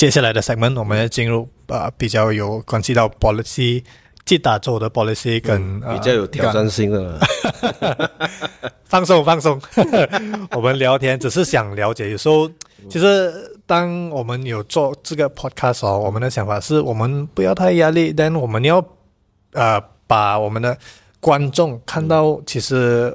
接下來的 segment，我們要進入啊、呃，比較有關係到 policy，吉打州嘅 policy，跟、嗯、比較有挑戰性嘅、呃， 放鬆放鬆， 我們聊天只是想了解，有時候其實當我們有做這個 podcast、哦、我們的想法是我們不要太壓力，但我們要啊、呃，把我們的觀眾看到其實。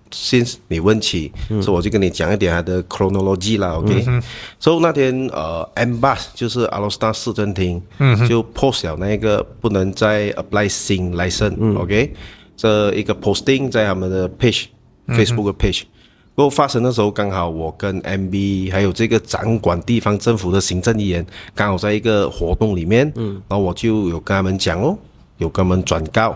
Since 你問起，嗯、所以我就跟你講一點它的 chronology 啦，OK S、嗯哼。s o、so, 那天，呃 m b u s 就是 Alor Setar 市政廳，嗯、哼就 post 了那個不能再 apply 新 license，OK、嗯。這、okay? so, 一個 posting 在他們的 page，Facebook、嗯、哼 page。嗯、哼然後發生的時候，剛好我跟 MB 還有這個掌管地方政府的行政議員，剛好在一個活動裏面，嗯、然後我就有跟他們講，哦，有跟他們轉告。